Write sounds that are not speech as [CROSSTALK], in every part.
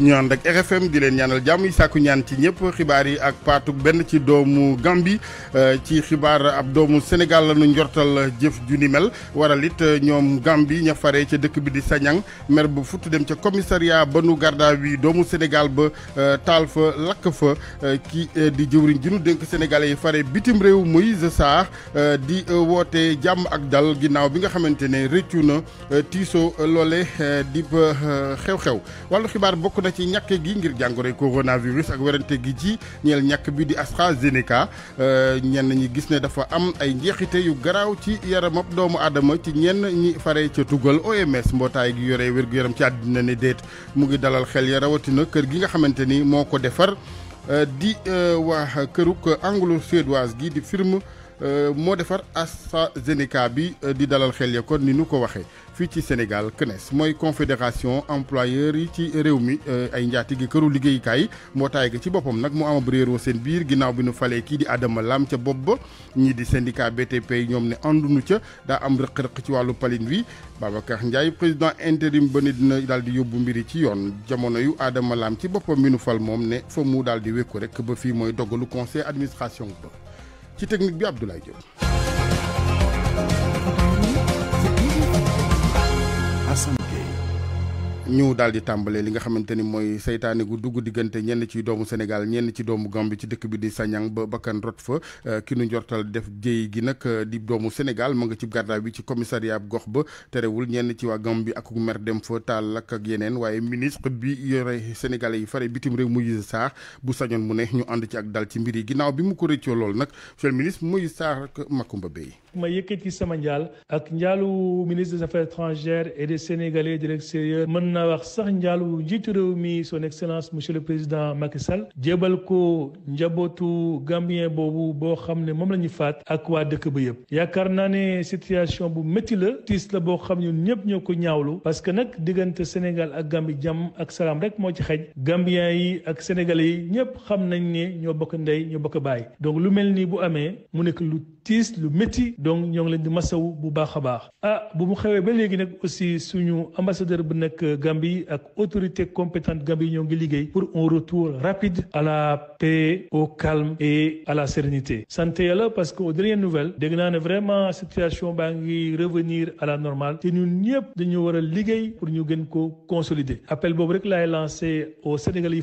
ñu ànd ak RFM di leen ñaanal jàmm yi sàkku ñaan ci ñëpp xibaar yi ak paatu benn ci doomu Gambie euh, ci xibaar ab doomu Sénégal la ñu njortal jëf ju ni mel waral it euh, ñoom Gambie ña fare ca dëkk bi di Sagnang mer bu futt dem ca commissariat ba nu garda wi doomu Sénégal ba euh, taal fa lakk fa ki di jëwriñ ji nu dénk Sénégalais yi fare bitim réew Moïse Sarr di woote jàmm ak dal ginnaaw bi nga xamante ne rëccu na tiisoo loole di xew-xew wàllu xibaar bokk ci ñàkk gi ngir jàngoroy coronavirus ak werante gi ci ñeel ñàkk bi di AstraZeneca euh, ñenn ñi gis ne dafa am ay njeexite yu garaaw ci yaramab doomu aadama ci ñenn ñi fare ca tugal OMS mbootaay gi yore wér gu yaram ci àddina ne déet mu ngi dalal xel ya rawatina kër gi nga xamante ni moo ko defar euh, di euh, waa këru anglo-suédoise gi di firm Euh, moo defar AstraZeneca bi euh, di dalal xel ya kon ni nu ko waxee fii ci Sénégal CNES mooy confédération employeur yi ci réew mi euh, ay njaatigi këru liggéeyukaay mbootaay ga ci boppam nag mu amab réeroo seen biir ginnaaw bi nu falee kii di Adama Lam ca bopp ba ñii di syndicat BTP yi ñoom ne àndunu ca daa am rëq-rëq ci wàllu palin wi Babacar Ndiaye président intérim ba ne dina daal di yóbbu mbiri ci yoon jamono yu Adama Lam ci boppam mi nu fal moom ne fa mu daal di wékku rek ba fii mooy dogalu conseil administration ba ci technique bi Abdoulaye Diop. ñu dal di tambalé li nga xamanteni Moy mooy gu dugg digënté ñenn ci doomu Sénégal ñenn ci doomu gambi ci dëkk bi di Sagnang ba bakkan rot fa euh, ki ñu jortal def jéey gi nak euh, di doomu Sénégal ma nga ci garda bi ci commissariat gox ba wul ñenn ci wa gambi ak mer dem fa tal ak ak yenen waye ministre bi yoré sénégal yi faré bitim réew Moïse sax bu sañon mu neex ñu and ci ak dal ci mbiri ginaaw bi mu ko rëccoo loolu nak monsieur le ministre Moïse sax ak Makumba Bey ma yëkëti sama njaal ak njaalu ministre des affaires étrangères et des Sénégalais de l'extérieur naa wax sax njaalu jiitu réew mi son excellence monsieur le président Macky Sall jébal ko njabootu gambien boobu boo xam ne moom la ñu faat ak waa dëkk ba yëpp yaakaar naa ne situation bu métti la tiis la boo xam ñun ñëpp ñoo ko ñaawlu parce que nag diggante Sénégal ak Gambie jàmm ak salaam rek moo ci xej gambien yi ak sénégal yi ñëpp xam nañ ne ñoo bokk ndey ñoo bokk baay donc lu mel nii bu amee mu nekk lu tiis lu métti donc ñoo leen a baax ah, Gambie ak autorité compétente Gambie ñoo pour un retour rapide à la paix au calme et à la sérénité Santé yàlla parce que aux dernières nouvelles dégg nous ne vraiment situation baa revenir à la normale Nous ñun ñëpp dañu war a pour ñu gën ko consolider appel boobu rek lancé au Sénégal yi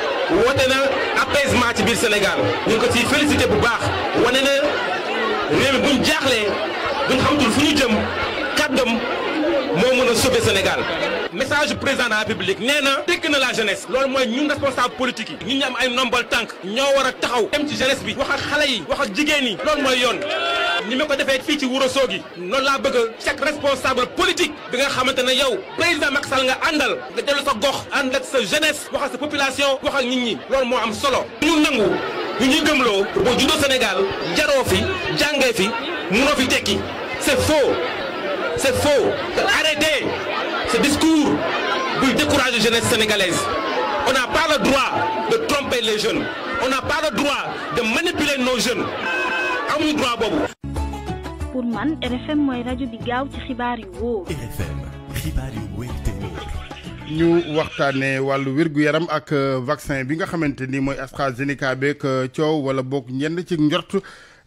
woote na apaisement ci biir Sénégal ñu ngi ko ciy félicité bu baax wane na réew mi buñ jaaxlee buñ xamatul fu ñu jëm kàddam moo mën a sauver Sénégal message président de la République nee na dégg na la jeunesse lool mooy ñun responsable politique yi ñu ñam ay nombal tànk ñoo war a taxaw dem ci jeunesse bi wax ak xale yi wax ak jigéen yi loolu mooy yoon Nous ne pouvons pas être ci Wuro Sogi non la bëgg chaque responsable politique bi nga xamante ne yow président Macky Sall nga àndal nga dellu sa gox ànd ak sa jeunesse wax ak sa population wax ak nit ñi loolu moo am solo. ñu nangu ñu ñuy gëmloo boo juddoo Sénégal jaroo fi jàngee fi munoo fi tekki c'est faux c'est faux arrêtez ce discours pour décourager jeunesse sénégalaise on n'a pas le droit de tromper les jeunes on n'a pas le droit de manipuler nos jeunes amuñu droit pour man RFM mooy ñu waxtaanee wàllu wér yaram ak euh, vaccin bi nga xamante ni mooy AstraZeneca beeg euh, coow wala boog ñenn ci njort.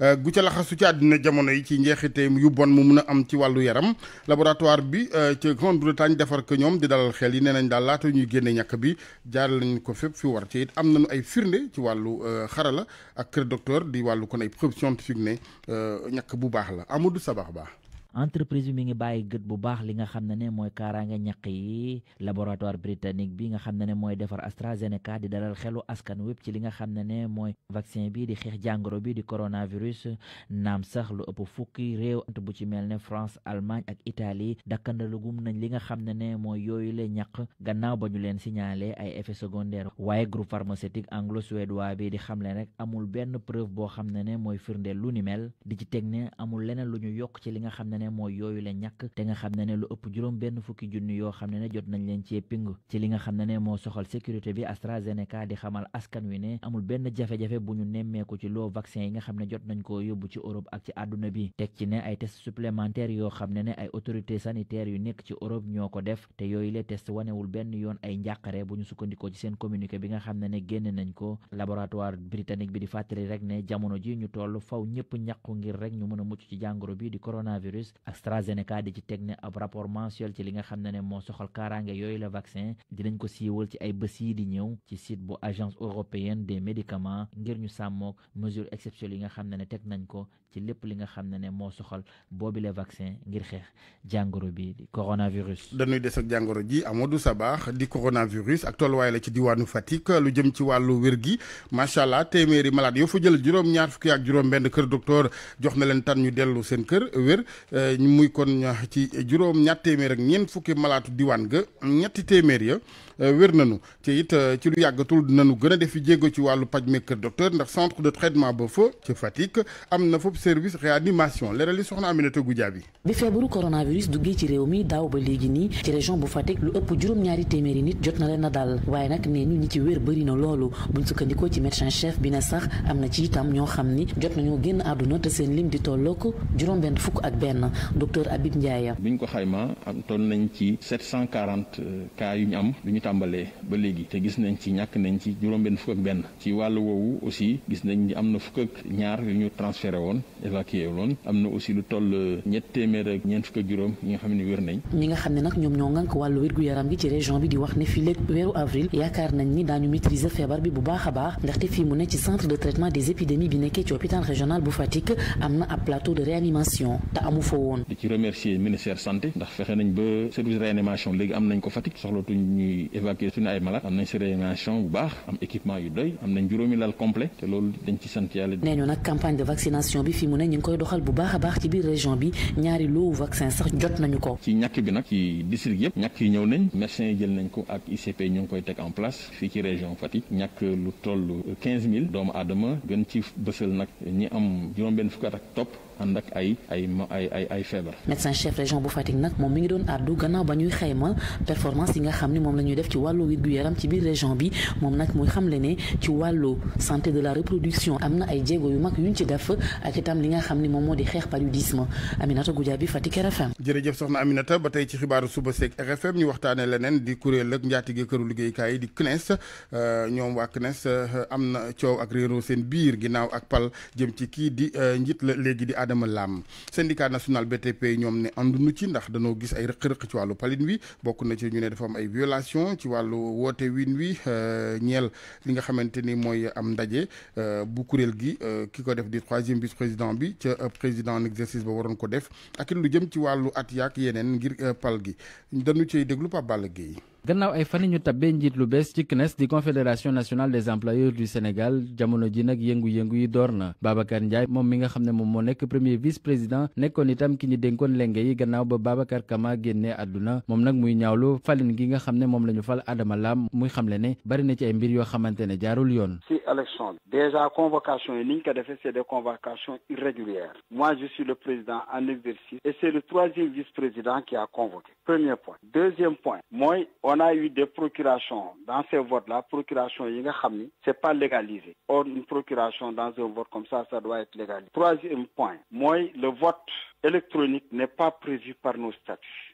Euh, gu ca laxasu ci àddina jamono yi ci njeexite yu bon mu mun a am ci wàllu yaram laboratoire bi euh, ci Grande-Bretagne defar ko ñoom di dalal xel yi nee nañ daal laata ñuy génne ñàkk bi jaar lañ ko fépp fi war ci it am nañu ay firnde ci wàllu euh, xarala ak kër docteur di wàllu kon ay preuve scientifique ne ñàkk bu baax la du Sabax baax entreprise bi mi ngi bàyyi geut bu baax li nga xamne ne moy mooy kaaraange yi laboratoire britannique bi nga xamne ne moy defar AstraZeneca di dalal xelu askan web ci li nga xamne ne moy vaccin bi di xex jangoro bi di coronavirus nam sax lu ëpp fukki réew ant bu ci melne France Allemagne ak Italie gum nañ li nga xamne ne moy yoyu le la ñaq gannaaw bañu signalé ay effets secondaires waaye groupe pharmaceutique anglo-suédois bi di xamle rek amul ben preuve bo xamne ne moy mooy lu ni mel di ci amul leneen lu ñu York ci li nga xamne ne mooy yooyu la ñàkk te nga xam ne ne lu ëpp juróom benn fukki junni yoo xam ne ne jot nañ leen cee pingu ci li nga xam ne ne moo soxal sécurité bi AstraZeneca di xamal askan wi ne amul benn jafe-jafe bu ñu nemmeeku ci loo vaccin yi nga xam ne jot nañ ko yóbbu ci Europe ak ci àdduna bi teg ci ne ay test supplémentaires yoo xam ne ne ay autorités sanitaire yu nekk ci Europe ñoo ko def te yooyu les tests wanewul benn yoon ay njàqare bu ñu sukkandikoo ci seen communiqué bi nga xam ne ne génn nañ ko laboratoire britannique bi di fàttali rek ne jamono ji ñu toll faw ñëpp ñàqu ngir rek ñu mën a mucc ci jàngoro bi AstraZeneca di ci teg ne ab rapport mensuel ci li nga xam ne ne moo soxal kaaraange yooyu la vaccin dinañ ko siiwal ci ay bés yi di ñëw ci site bu agence européenne des médicament ngir ñu sàmmook mesure exceptionnelle yi nga xam ne ne teg nañ ko ci lépp li nga xam ne ne moo soxal boobi le vaccin ngir xeex jàngoro bi di coronavirus. dañuy des ak jàngoro ji Amadou Sabax di coronavirus ak tolluwaay la ci diwaanu Fatick lu jëm ci wàllu wér gi macha allah téeméeri malade yoo fa jël juróom-ñaar fukki ak juróom-benn kër docteur jox na leen tan ñu dellu seen kër wér. muy kon ci juróom ñatt téeméer ak ñeent fukki malaatu diwaan ga ñetti téeméer ya Euh, wér nañu it euh, ci lu yàggatul dinañu gën a defi jéggo ci walu paj docteur ndax centre de traitement ba fa ci fatigue amna na service réanimation leeral li soxna Aminata Goudiaby bi feebaru coronavirus duggee ci réew mi daw ba légui ni ci région bu Fatick lu ëpp juroom ñaari téméri nit jot na leen dal waaye nak né ñu ñi ci wër bari na loolu buñ sukkandikoo ci médecin chef bi na sax amna ci itam ño xamni jot nañoo génn àdduna te seen lim di tollook juroom benn fukk ak ben docteur abib Ndiaye biñ ko xayma am ton nañ ci 740 euh, cas yu ñu am tambalé ba légui té gis nañ ci ñak nañ ci juroom ben fuk ak ben ci walu wowu aussi gis nañ ni amna fuk ak ñaar yu ñu transféré won évacué won amna aussi lu toll ñet téeméer ak ñeent fuk ak juróom yi nga xam wër nañ ñi nga xam nak ñom ñoom ñoo ngànk wàllu wér-gu-yaram gi ci région bi di wax né fi léeg weeru avril yaakar nañ ni dañu maîtriser feebar bi bu baax a baax ndaxte fii mu ne ci centre de traitement des épidémies bi nekkee ci hôpital régional bu Fatick amna ab plateau de réanimation ta amu fo won di ci remercier ministère santé ndax fexé nañ ba service réanimation légui am nañ ko Fatick tuñ ñuy évacuer suñu ay malade am nañ si bu baax am équipement yu doy am nañ juróomi lal complet te loolu dañ ci sant yàlla. nee ñu nag campagne de vaccination bi fi mu ne ñu ngi koy doxal bu baax a baax ci biir région bi ñaari loowu vaccin sax jot nañu ko. ci ñàkk bi nag ci district yëpp ñàkk yi ñëw nañ médecins yi jël nañ ko ak ICP ñu ngi koy teg en place fii ci région Fatick ñàkk lu toll 15000 doomu aadama gën ci bësal nag ñi am juróom-benn fukk at topp. andak ay ay ay ay médecin chef région bu Fatick nak mom mi ngi don àddu gannaaw ba ñuy performance yi nga xamni mom lañuy def ci walu wér-gu-yaram ci biir région bi mom nak moy xamle ne ci walu santé de la reproduction Amna ay djego yu mak yuñ ci def ak itam li nga xamni mom modi xex paludisme Aminata Goudiaby Fatick RFM. jërëjëf soxna Aminata ba ci xibaaru suba sek RFM ñu waxtane leneen di kuréel ak njaatige këru liggéeykaay kay di CNES euh, ñoom waa akpal euh, am na le ak seen biir ak pal jëm ci ki di euh, njit la Adama Lam syndicat national BTP ne en ci ndax gis ay ci walu na ci ñu am ay violation ci walu win wi euh, li nga xamanteni moy am ndaje euh, bu kurel gi euh, kiko def vice président bi président en exercice ba waron ko def ak lu jëm ci walu at yak yenen ngir pal gi dañu déglu pa à gannaaw ay fan ñu tabbe njiit lu bees ci CNES di confédération nationale des employeurs du Sénégal jamono ji nak yengu yengu yi door Babacar Ndiaye mom mi nga xamne mom mo nek premier vice président nekkoon itam ki ñu dénkoon lengé yi gannaaw ba Babacar Kama génnee aduna mom nak muy ñaawlu falin gi nga xamne mom lañu fal Adama Lam muy xamle ne bari na ci ay mbir yo xamantene jaarul yoon. ci élection déjà convocation yi niñ ko défé c'est des convocations irrégulières moi je suis le président en exercice et c'est le troisième vice président qui a convoqué premier point deuxième point moy on a eu des procurations dans ces votes-là, procurations c'est pas légalisé. Or une procuration dans un vote comme ça, ça doit être légalisé. Troisième point Moi, le vote électronique n'est pas prévu par nos statuts.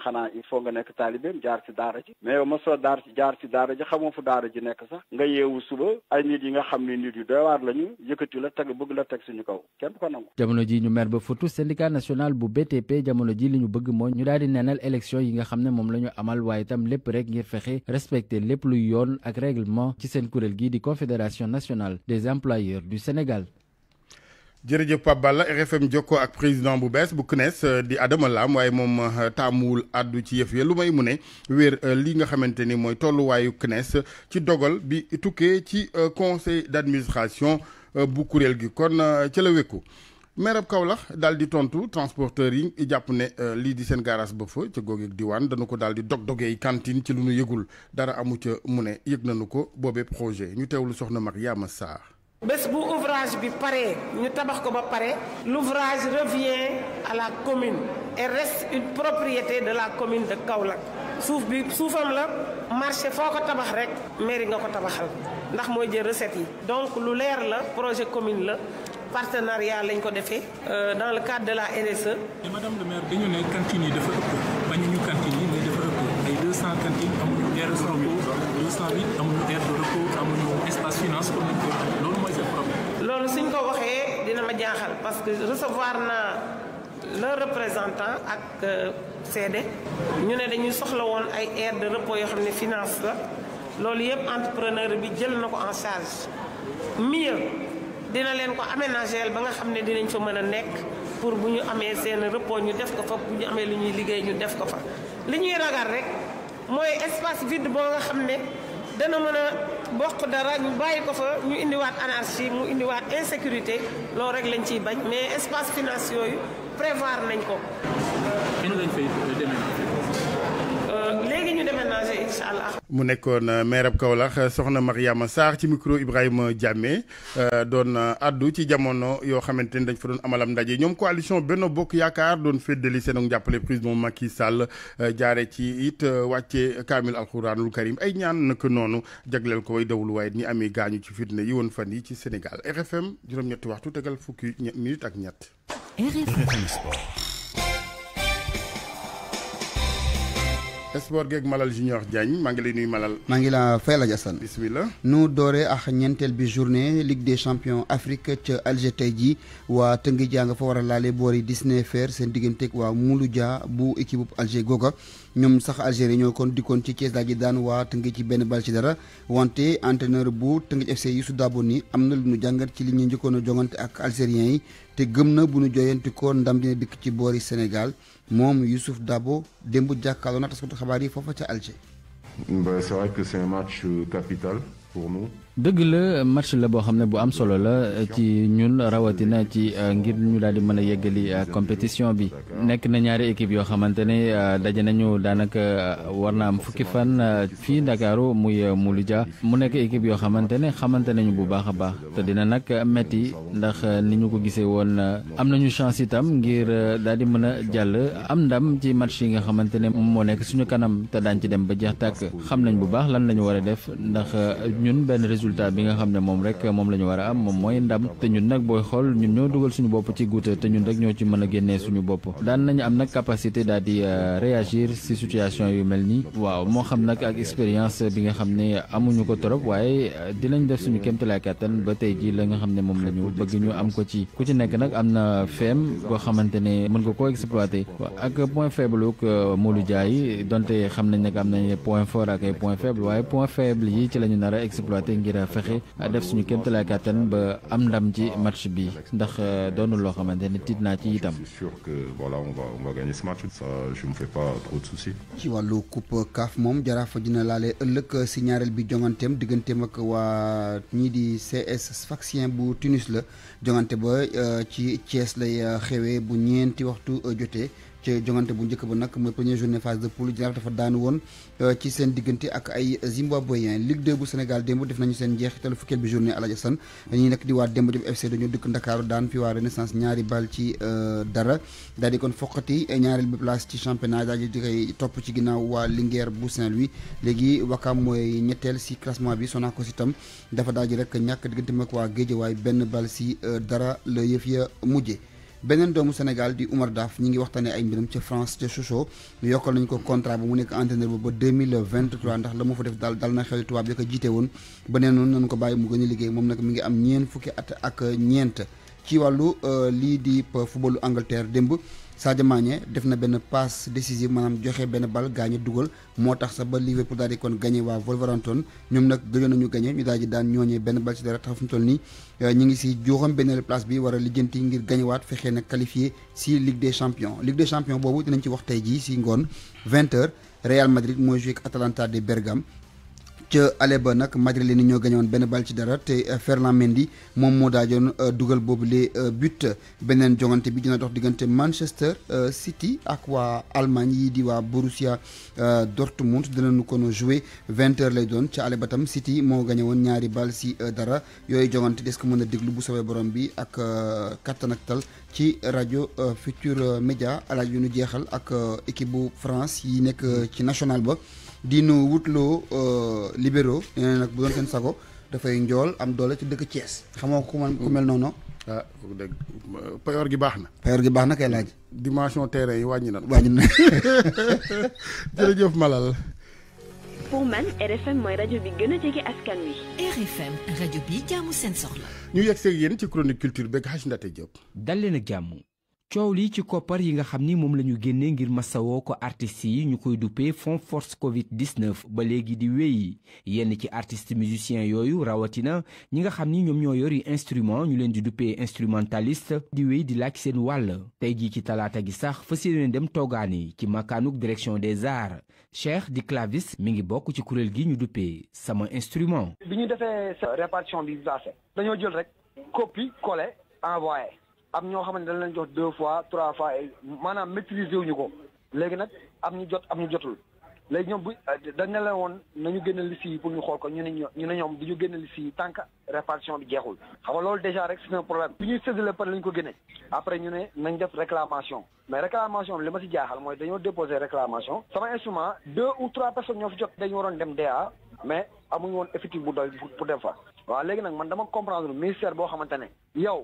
xanaa il faut nga nekk taalibeem jaar ci daara ji mais yow mosoo daar ci jaar ci daara ji xamoo fu daara ji nekk sax nga yeewu suba ay nit yi nga xam ne nit yu doy waar lañu yëkkati la teg bëgg la teg suñu kaw kenn ko nangu. jamono ji ñu mer ba futu syndicat national bu BTP jamono ji li ñu bëgg mooy ñu daal di nenal élection yi nga xam ne moom la ñu amal waaye itam lépp rek ngir fexe respecter lépp luy yoon ak règlement ci seen kuréel gii di confédération nationale des employeurs du Sénégal jërëjëf Pape Balla RFM jokkoo ak président bu bees bu CNES euh, di Adama Lam waaye moom euh, taamuwul àddu ci yëf ya lu may mu ne wéer euh, li nga xamante ni mooy tolluwaayu CNES ci dogal bi tukkee ci conseil d'administration bu kuréel gi kon ci la wékku meerab kaolax daal di tontu transporteur yi jàpp ne lii di seen garage ba fa ca googeeg diwaan dañu ko daal di dog-dogee cantine ci lu nu yëgul dara amu ca mu ne yëg nañu ko boobee projet ñu teewlu soxna Mariama Sarr bés bu ouvrage bi paré ñu tabax ko ba paré l'ouvrage revient à la commune et reste une propriété de la commune de Kaolack souf bi soufam la marché foko tabax rek mairie nga ko tabaxal ndax moy jël recette yi donc lu leer la projet commune la partenariat lañ ko défé euh, dans le cadre de la RSE. mais madame le maire dañu ne cantine yi dafa ëpp bañu ñu cantine yi mais dafa ëpp ay 200 cantines amuñu aire de repos 208 amuñu aire de repos amuñu espace finance comme suñ ko waxee dina ma jaaxal parce que recevoir na le représentant ak CD euh, ñu ne dañuy soxla woon ay aide de repos yoo xam ne finance la loolu yëpp entrepreneur bi jël na ko en charge mieux dina leen ko aménager ba nga xam ne dinañ fa mën a nekk pour bu ñu amee seen repos ñu def ko fa bu ñu amee lu ñuy liggéey ñu def ko fa li ñuy ragal rek mooy espace vide boo nga xam ne dana mën a bokk dara ñu bàyyi ko fa ñu indiwaat anarchie mu indiwaat insécurité loolu rek lañ ciy bañ mais espace finance yooyu prévoir nañ ko. kenn lañ fay déménager incha allah. mu nekkoon euh, maire ab Kaolack euh, soxna Mariama sar ci micro Ibrahima Diamé euh, doon addu ci jamono yoo xamante ni dañ fa doon amalam ndaje ñoom coalition Benno Bokk Yaakaar doon féddali seen jàppale président maky Sall jaare ci it wàcce kamil alxuraanul karim ay ñaan naka noonu jaglel ko way dawlu waaye ñi amee gaañu ci fitna yi woon fan yi ci Sénégal RFM juróom-ñetti waxtu tegal fukki minute ak ñett. RFM sport. Espoir geeg Malal Junior Diagne maa ngi lay nuyu Malal. maa ngi la fay la Jassane. bismillah nu doré ak ñentel bi journée Ligue des champions Afrique ci Alger tey ji wa Tëngéej nga fa war a laale boori Dissnéfère seen digganteeg waa Mouloudia bu équipe bu Alger googa ñom sax Algérie ñoo kon dikon ci Cees ji daan wa Tëngéej ci ben bal ci dara wante entraîneur bu Tëngéej FC Youssou daboni amna lu ñu jàngat ci li ñu njëkkoon a jongante ak algériens yi té gëm na bu ñu jooyanti ko ndam dina dik ci boori Sénégal moom Youssouf Dabo dembu jàkkaarloo na taskatu xabaar yi pour faire Alger. Bah, c'est vrai que c'est un match euh, capital pour nous. dëgg la match la boo xam ne bu am solo la ci ñun rawatina ci euh, ngir ñu daal di mën a yeggali euh, compétition bi nekk na ñaari équipe yoo xamante ne euh, daje nañu daanaka war na am fukki fan fii Ndakaaru muy Mouloudia mu nekk équipe yoo xamante ne xamante nañu bu baax a baax te dina nag metti ndax ni ñu ko gisee woon am nañu chance itam ngir daal di mën a jàll am ndam ci match yi nga xamante ne moo nekk suñu kanam te daan ci dem ba jeex tàkk xam nañ bu baax lan la war a def ndax résultat bi nga xam ne moom rek moom la ñu war a am moom mooy ndam te ñun nag booy xool ñun ñoo dugal suñu bopp ci guuta te ñun rek ñoo ci mën a génnee suñu bopp daan nañu am nag capacité daal di euh, réagir si yu mel nii waaw moo xam nag ak expérience bi nga xam ne amuñu ko trop waaye euh, dinañ def suñu kéemtalaay katan ba tey ji la nga xam ne moom la ñu bëgg ñu am ko ci ku ci nekk nag am na feem koo xamante ne mën nga ko exploité ak point faible ak euh, Modou Diaye donte xam nañ nag am nañ a ngir fexe def suñu kéem la kàttan ba am ndam ci match bi ndax euh, doon lo xamanteni ne tiit ci itam. ci wàllu coupe CAF moom jaraaf dina lalé ëlëk ci ñaareel bi jonganteem digganteem ak wa ñi di CS Sfaxien bu Tunis la jongante ba euh, ci Thiès lay euh, xewé bu ñenti waxtu jotté ci jongante bu njëkk ba nag mooy première journée phase de poule jaraaf dafa daanu woon euh, ci seen diggante ak ay zimbabwéen Ligue 2 bu Sénégal démb def nañu seen njeexitalu fukkeel bi journée Aladji san ñi nag di waa démb jëm FC dañoo dëkk Ndakaaru daan fi waa Renaissance ñaari bal ci euh, dara daal di kon foqati ñaareel bi place ci championnat daal di koy topp ci ginnaaw waa Linguère bu Saint-Louis léegi Wakam mooy ñetteel si classement bi Sonacos itam dafa daal di rek ñàkk digganteem ak waa Guédiawaye benn bal si euh, dara la yëf ya mujje beneen doomu Sénégal di Oumar Daf ñi ngi waxtaanee ay mbiram ca France ca Sochaux yokkal nañ ko contrat bu mu nekk entraîneur ba ba 2023 ndax la mu fa def daal dal na xel tubaab ya ko jiite woon ba nee noonu nañ ko bàyyi mu gën a liggéey moom nag mi ngi am ñeent fukki at ak ñeent ci wàllu euh, lii di footballu Angleterre démb Sadio Mané def na benn passe décisive manam joxe ben bal gaañu dugal motax sa ba Liverpool daal di kon gagné wa Wolverhampton ñom nak gëjoon nañu gagné ñu daal di daan ñooñee ben bal ci dara tax fu mu toll nii euh, ñu ngi ci juróom benneelu place bi wara lijeenti ngir ngir gagnewaat fexé nak qualifier ci Ligue des champions Ligue des champions bobu dinañ ci wax tay ji ci ngone 20h Real Madrid moy joué Atalanta de Bergame ci aleba nak Madrid ni ñoo gañoon benn bal ci dara te euh, fernand Mendy moom Dajon, daajoon euh, dugal boobu euh, but Benen jongante bi dina dox Manchester City ak quoi Allemagne yi di wa Borussia Dortmund dinañu ko no jouer vingt heures lay doon ci tam City moo gañoon ñaari bal si dara yoy jongante des ko mën a bu qui borom bi ak kattan ak tal ci radio Futur Média ala yu nu ak équipe bu France yi n'est ci national ba di nu wutloo euh, libéraux nee na nag bu doon seen sago dafay njool am doole ci dëkk Thiès xamoo ku man ku mel noonu. ah payoor gi baax na. payoor gi baax na kay laaj. dimension terrain yi wàññi na. wàññi na [LAUGHS] jërëjëf Malal. a jege askan wi. RFM rajo bi jaamu seen soxla. ñu yegg see yéen ci chronique culture beeg Haj Ndate Diop. dal leen jàmm. coow li ci koppar yi nga xam ni moom la génnee ngir masawoo ko artistes yi ñu koy duppee fond force Covid 19 ba léegi di wéy yenn ci artistes musiciens yooyu rawatina ñi nga xam ni ñoom ñoo yori instrument ñu leen di duppee instrumentaliste di wéy di laaj seen wàll. tey jii ci talaata gi sax fas yéene dem toogaani ci makaanuk direction des arts Cheikh di clavis mi ngi bokk ci kuréel gi ñu duppee sama instrument. bi ñu defee répartition bi dañoo jël rek am ñoo xamante ne dañ leen jox deux fois trois fois maanaam maîtriser ñu ko léegi nag am ñu jot am ñu jotul léegi ñoom bu euh, dañ ne la woon nañu ñu xool ko ñu ne ñu ne ñoom du ñu génne liste yi tant que répartition bi jeexul xam loolu déjà rek c'est un problème bi ñuy séddale par ñu nañ def réclamation mais réclamation bi li ma si jaaxal mooy dañoo déposer réclamation sama instrument deux ou ñoo fi jot dañu waroon dem DA mais amuñu woon effectif bu doy pour dem fa waaw léegi nag man dama comprendre ministère boo xamante ne yow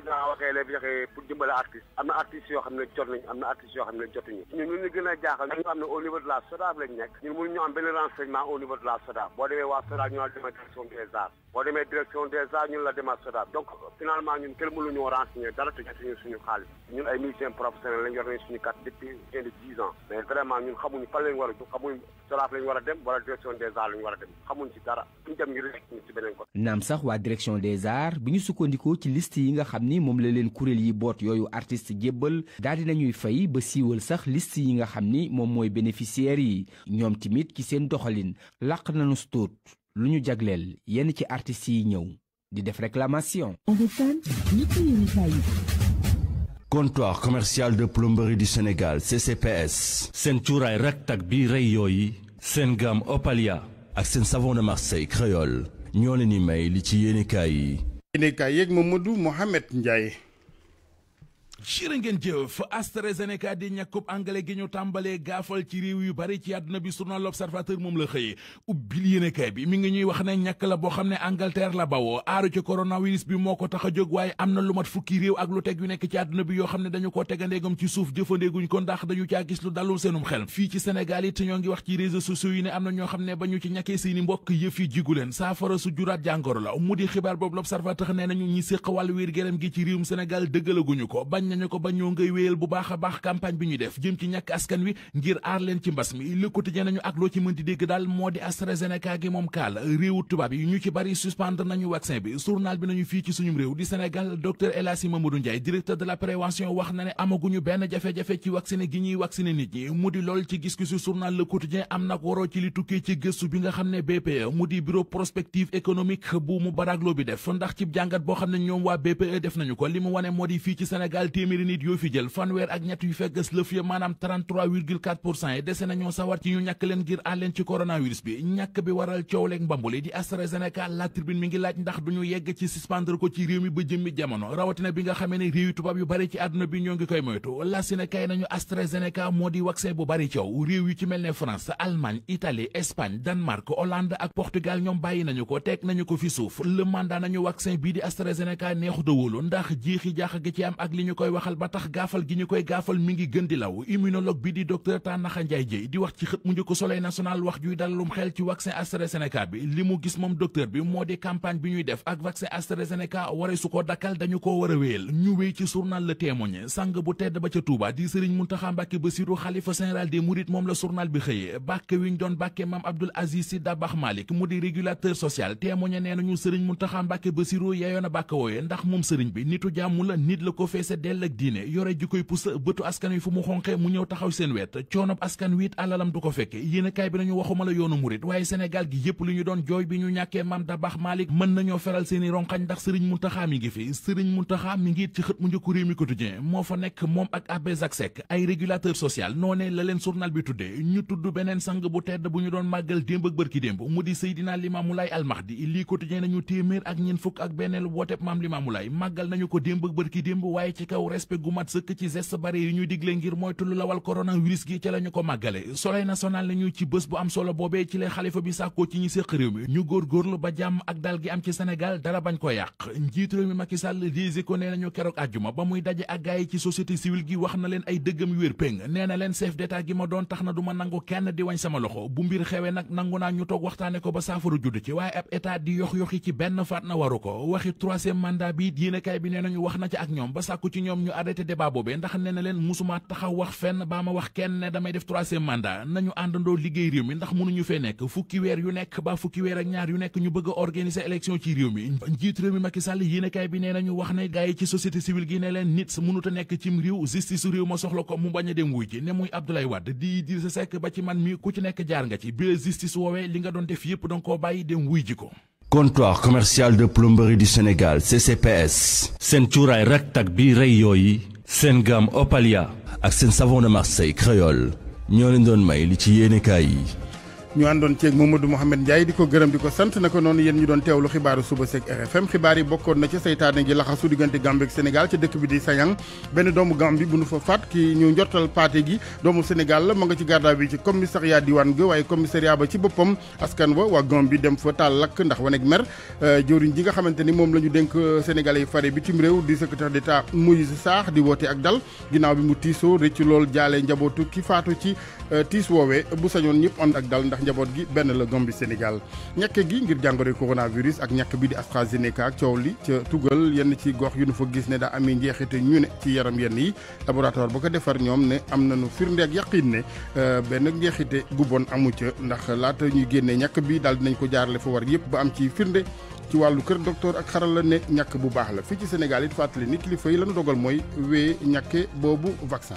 président waxee la joxe pour dimbale artiste am na artistes yoo xam ne jot nañ am na artistes yoo xam ne jotuñu ñun lu ñu gën a jaaxal ñu xam ne au niveau de la SODAV lañ nekk ñun mënuñu am benn renseignement au niveau de la SODAV boo demee waa SODAV ñu la demal direction des arts boo demee direction des arts ñu la demal SODAV donc finalement ñun kenn mënuñoo renseigner dara te jotuñu suñu xaalis ñun ay musiciens professionnels lañ yor nañ suñu carte depuis plus de dix ans mais vraiment ñun xamuñu fan lañ war a xamuñu Sodaaf a dem wala direction des arts lañ war dara naam sax waa direction des arts bu ñu sukkandikoo ci liste yi nga xam ni moom la leen kuréel yi boot yooyu artiste jébbal daal di nañuy fay ba siiwal sax liste yi nga xam ni moom mooy bénéficiaires yi ñoom tamit ci seen doxalin làq nañu stuut lu ñu jagleel yenn ci artistes yi ñëw di def réclamation. comptoir commercial de plomberie du Sénégal CCPS saint cuuraay raktak bi rey gamme Opalia ak savon de Marseille créole Nyon leen may li ci Mohamed Ndiaye. jërë ngeen jëf AstraZeneca di ñàkkub angale gi ñu tàmbalee gaafal ci réew yu bari ci àdduna bi journal L'Observateur moom la xëyee ubbil yéenekaay bi mi ngi ñuy wax ne ñàkk la boo xam ne Angleterre la bawoo aaru ci coronavirus bi moo ko tax a jóg waaye am na lu mat fukki réew ak lu teg yu nekk ci àdduna bi yoo xam ne dañu ko tegandeegam ci suuf jëfandeeguñ ko ndax dañu caa gis lu dalul seenum xel fii ci Sénégal it ñoo ngi wax ci réseaux sociaux yi ne ñoo xam ne ba ñu ci ñàkkee seeni mbokk yëf yi jigu leen saafara su juraat jàngoro la mu di xibaar boobu L'Observateur nee nañu ñi séq wàllu wér-gu-yaram gi ci réewum Sénégal dëggalaguñu ko bañ nañu ko ba ñoo ngay wéyal bu baax baax campagne bi ñu def jëm ci ñàkk askan wi ngir aar leen ci mbas mi Le Quotidien nañu ak loo ci mën di dégg daal moo di AstraZeneca gi moom kaal réewu tubaab yi ñu ci bari suspendre nañu vaccin bi journal bi nañu fii ci suñum réew di Sénégal docteur El Hadji Mamadou Ndiaye directeur de la prévention wax na ne amaguñu benn jafe-jafe ci vacciné gi ñuy vacciné nit ñi mu di lool ci gis-gisu journal Le Quotidien am nag waroo ci li tukkee ci gëstu bi nga xam ne BPE mu di bureau prospective bu mu baragloo bi def ndax ci jàngat boo xam ne ñoom waa e def nañu ko li mu wane moo di fii ci Sénégal téeméeri nit ñu yegg ci suspendre ko ci réew mi ba jëmmi jamono rawatina bi nga xamee ne réewi tubaab yu bari ci àdduna bi ñoo ngi koy moytu la sinekaay nañu AstraZeneca moo di vaccin bu bari coow réew yu ci mel ne France Allemagne Italie Espagne Danemark Hollande ak Portugal ñoom bàyyi nañu ko teg nañu ko fi suuf le nañu vaccin bii di AstraZeneca neexu da ndax jiixi jaax gi ci am ak li ñu koy waxal ba tax gaafal gi ñu koy gaafal mi ngi gën di law immunologue bi di docteur Tanaxa Njaay Jéy di wax ci xët mu njëkk Soleil national wax juy dalalum xel ci vaccin AstraZeneca bi li mu gis moom docteur bi moo di campagne bi ñuy def ak vaccin AstraZeneca ware su ko dakkal dañu ko war a wéyal ñu wéy ci journal Le Témoin sang bu tedd ba ca Touba di Sëriñ Muntaxa Mbàkke Basiru xalifa général des mourides moom la journal bi xëyee bàkke wi ñu doon bàkke maam Abdoul Aziz Sy Dabakh Malick mu di régulateur social Témoin nee nañu Sëriñ Muntaxa Mbàkke Basiru yeyoon a bàkke dell ak diine yore ji koy pusa bëtu askan wi fu mu xonqe mu ñëw taxaw seen wet coonob askan wi it alalam du ko fekke yéenekaay bi nañu waxuma la yoonu murit waaye Sénégal gi yépp li ñu doon jooy bi ñu ñàkkee Mame Dabakh Malick mën nañoo feral seeni ronkañ ndax Serigne Mountakha mi ngi fi Serigne Mountakha mi ngi it ci xët mu njëkku Rewmi Quotidien moo fa nekk moom ak Abbé Jacques Seck ay régulateur social noonee la leen journal bi tuddee ñu tudd beneen sang bu tedd bu ñu doon màggal démb ak bërki démb mu di Seydina Limamou Laye Al Mahdi lii Quotidien nañu téeméer ak ñeen fukk ak benn wooteb Maam Limamou Laye màggal nañu ko démb ak bërki démb waaye aw respect gu mat sëkk ci geste barrière yi ñu digle ngir moytu lu lawal coronavirus gi ca la ko màggale soleil national la ñu ci bés bu am solo boobee ci lay xalifa bi sàkkoo ci ñi séq réew mi ñu góorgóorlu ba jàmm ak dal gi am ci Sénégal dara bañ ko yàq njiit réew mi Macky Sall dise ko nee nañu keroog àjjuma ba muy daje ak gaay ci société civile gi wax na leen ay dëggam wér péng nee na leen chef d'état gi ma doon tax na du ma nangu kenn di wañ sama ba saafara judd ci waaye ab état di yox yoxi ñoom ñu arrêté débat boobee ndax nee na leen musuma taxaw wax fenn baa ma wax kenn ne damay def troisième mandat nañu àndandoo liggéey réew mi ndax mënuñu fee nekk fukki weer yu nekk ba fukki weer ak ñaar yu nekk ñu bëgg a organiser élection ci réew mi njiit réew mi Macky Sall yéenekaay bi nee nañu wax ne gars yi ci société civile gi ne leen nit mënut a nekk cim réew justice réew ma soxla ko mu bañ a dem wuy ji ne muy Abdoulaye Wade di Idrissa Seck ba ci man jaar nga bi la justice woowee li nga doon def yëpp danga koo bàyyi ko comptoir commercial de plomberie du Sénégal CCPS saint touraille raktak bi saint Opalia ak savon de Marseille créole ñoo may li ci ñu àndoon ceeg Mamadou Mouhamed Ndiaye di ko gërëm di ko sant na ko noonu yéen ñu doon teewlu xibaaru suba seeg RFM xibaar yi bokkoon na ca saytaane gi laxasu diggante Gambie ak Sénégal ca dëkk bi di Sayang benn doomu Gambie bu nu fa faat ki ñu njortal paate gi doomu Sénégal la ma nga ci garda bi ci commissariat diwaan ga waaye commissariat ba ci boppam askan wa waa Gambie dem fa taal lakk ndax waneeg mer euh, jëwriñ ji nga xamante ni moom la ñu dénk Sénégalais yi fare bitim réew di secrétaire d'État Moïse Sarr di woote ak dal ginnaaw bi mu tiisoo rëcc lool jaale njabootu ki faatu ci euh, tiis woowee bu sañoon ñëpp ànd ak dal ndax njaboot gi benn la gombi Sénégal ñàkk gi ngir jàngoro coronavirus ak ñàkk bi di AstraZeneca ak coow li ca tugal yenn ci gox yu nu fa gis ne daa amee njeexite ñu ne ci yaram yenn yi laboratoire ba ko defar ñoom ne am nañu firnde ak yàqin ne euh, benn njeexite gu bon amu ca ndax laata ñuy génnee ñàkk bi daal dinañ ko jaarale fa war yëpp ba am ci firnde ci wàllu kër docteur ak xaral la ne ñàkk bu baax la fii ci Sénégal it fàttali ni kilifa yi lañu dogal mooy wee ñàkke boobu vaccin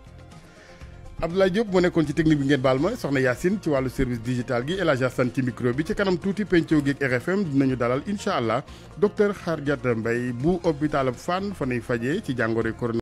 Abdoulaye Diop moo nekkoon ci technique bi ngeen baal ma soxna Yacine ci wàllu service digital gi El Hadj Assane ci micro bi ci kanam tuuti pencoo geeg RFM dinañu dalal incha allah docteur Khadiata Mbaye bu hôpital Fann fa nuy fajee ci jàngoro corona.